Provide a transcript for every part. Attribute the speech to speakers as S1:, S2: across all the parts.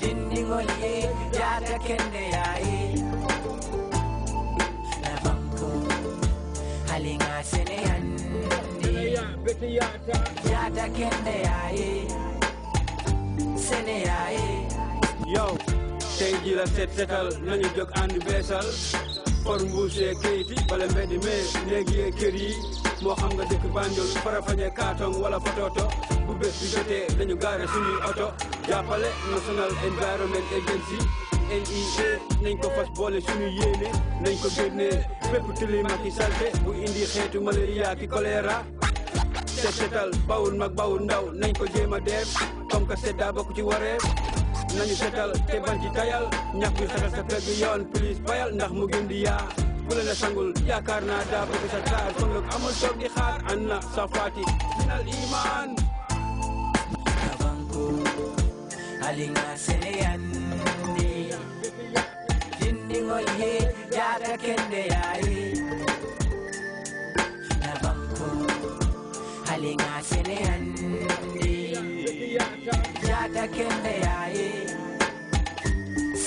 S1: dindigol ye yata kende yaye labanko halinga sene yandi yata kende yaye sene yaye yo tey ji set setal nañu jóg ànd beesal for mbuusee kayiti bala mbedd mee néeg yee yi moo xam nga dëkk Banjul Farafeñe Katong wala Fatoto bu bés bi dañu gaare suñuy oto jàppale National Environment Agency NEA nañ ko fas boole suñu yéene nañ ko génnee bépp tilimaki salte bu indi xeetu malaria ki choléra set setal bawul mag bawul ndaw nañ ko jéem a def comme que sedda bokk ci wareef nañu setal te ban ci tayal ñax yu satal sa pegg yoon police bayal ndax mu gën di yaa ku la sangul yaakaar naa daa bëgg sa taal kon nag amul soog di xaar an na sa faati minal iman abanko alinga seneyan dindingol he yaaka kende yaayi nabanko alinga seneyan yaaka kende yaayi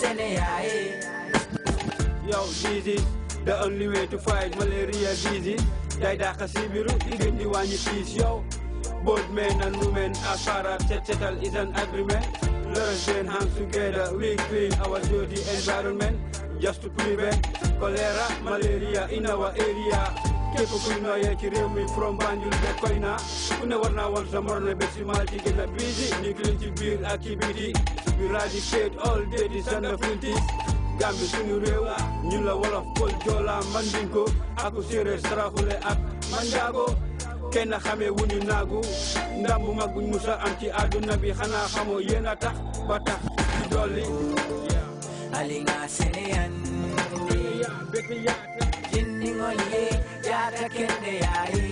S1: sene yaayi Yo, Jesus. The only way to fight malaria disease die da si biru di gën di wàññi tiis yow both men and women are far up set is an agreement let us join hands together we clean our dirty environment just to prevent cholera malaria in our area képp kuy nooyee ci réew from Banjul ba Koyna ku ne war naa na sa mor ne a busy ñu ngi leen ci biir eradicate all dirty and filthy Gàmbi suñu réew ñun la wolof pël joola mandinko ak séeréer saraxule ak manjaago kenn xamee wuñu naagu ndam bu mag buñ musa am ci àdduna bi xanaa xamoo yéen a tax ba tax ci dolli alinga seneyan jinniŋol ye yaata yaayi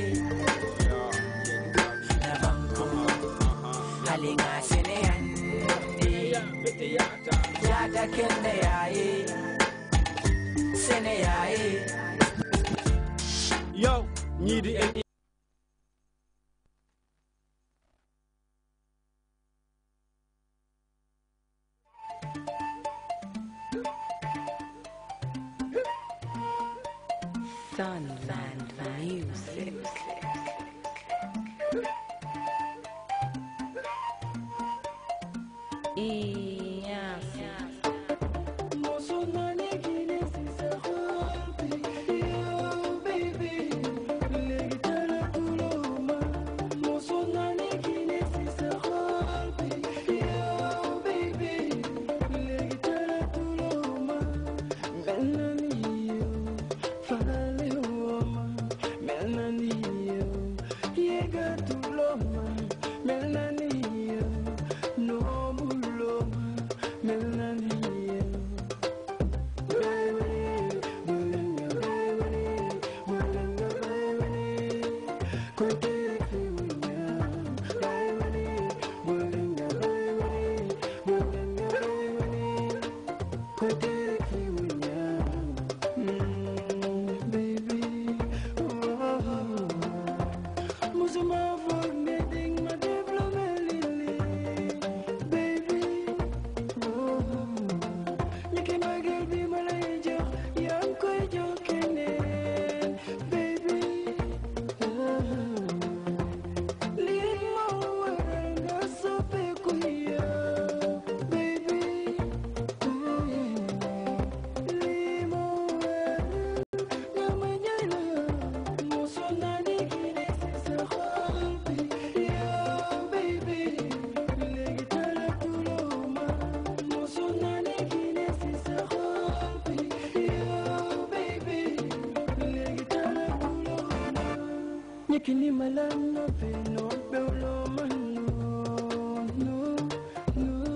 S1: da kenne yaye sene yaye yo
S2: Sunland Music. Put kilima lana vino beulo manu no no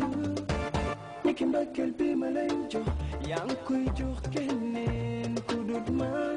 S2: no nikim bakel bi malayjo yang kuy jox keneen kudut man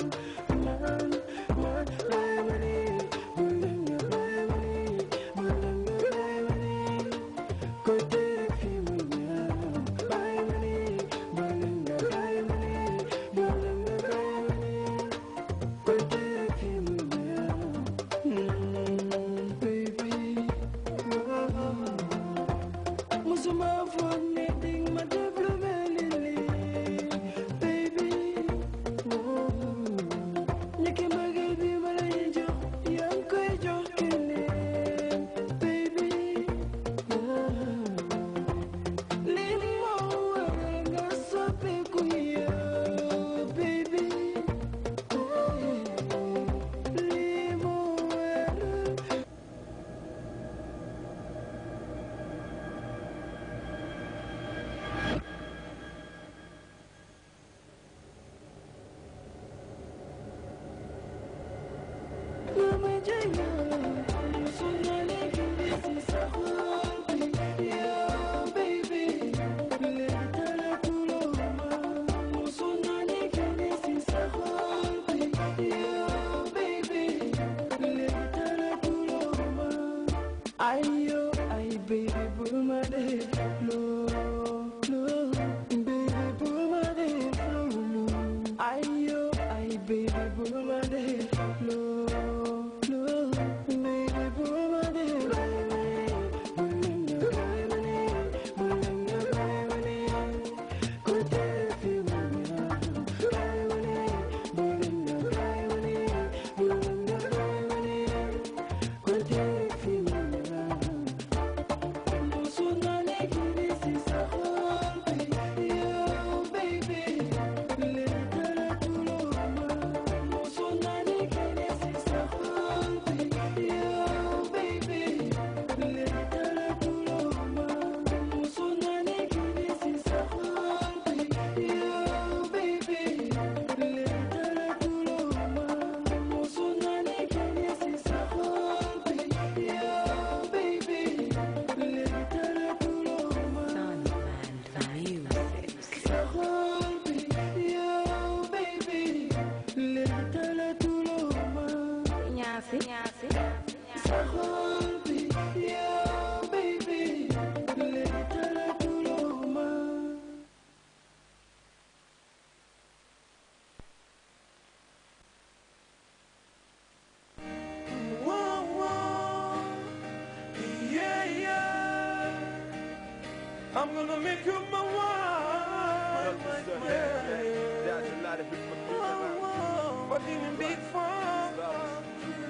S3: But in the big farm,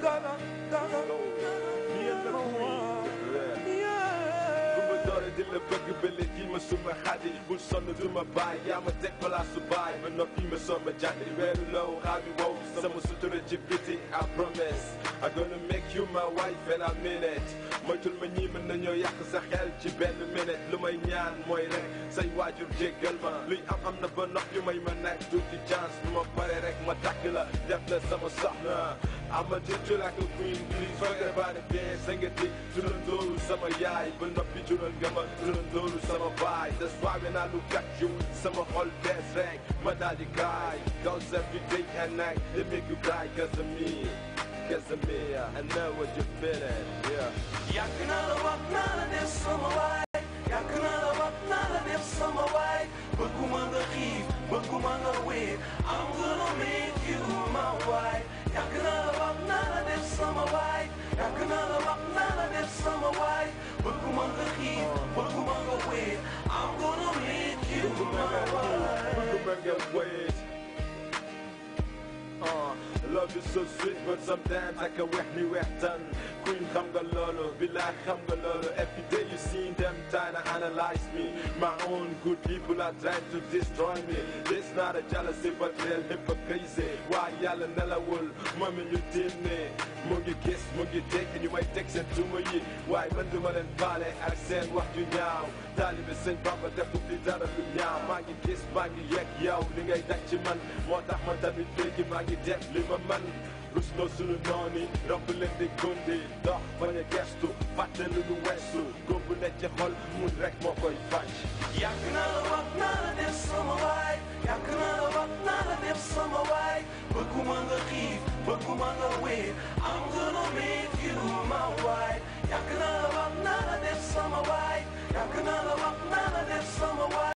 S3: gotta, gotta, bëgg ba léegi ma suma xadi bul sonn du ma baay yaa ma teg place su baay ba noppi I'm ma jàddi weeru law xaabi I gonna make you my a minute moytul ma ñii mën nañoo yàq sa xel ci benn minute lu may ñaan mooy rek say waajur jéggal ma luy am am na ba nopp yu may ma nekk tuuti chance bu ma pare rek ma takk la def la sama soxna ama treat you like a queen please forget about it bien sa nga di turandooru sama yaay ba noppi jural nga ma turandooru sama baay te soiwe naa lu kat yu sama xol bees rek ma daal kaay girls every day and night they make you cry cause of Casimir, I know what you're feeling, yeah. Yakın alı bakmalı bir somolay, yakın alı bitches so sweet, but sometimes I can wear me western. Queen come nga loolu village xam every day you see them trying to analyze me. My own good people are trying to destroy me. This not a jealousy, but real hypocrisy. Why y'all nelawul moom it you did me. mu ngi gis mu ngi dégg ñu may teg seen tuma yi waaye man duma leen baale ak seen wax ju ñaaw taalibe sëñ Bamba ba ko fi dara lu ñaaw maa ngi gis maa ngi yegg yow li ngay daj ci moo tax man tamit léegi maa ngi def li ma man rusloo sunu noon yi romb leen di gundi dox bañ a gestu fàtte lu ñu weesu góob bu nekk ci xol mun rek moo koy faj yàgg naa la wax naa la def sama waay yàgg naa la wax naa la def sama waay bëgguma nga xiif Put woman away, I'm gonna make you my wife Yakınala bak nana def sama wife Yakınala none of def summer wife